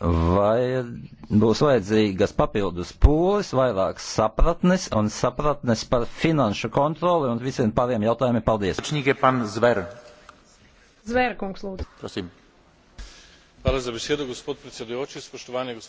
vai būs vajadzīgas papildus pūles, vairāk sapratnes un sapratnes par finanšu kontroli un visiem pāriem jautājumiem. Paldies! Zver, kungs, lūdzu. Prosim. Hvala za besedo, gospod predsedujoči, spoštovani gospod.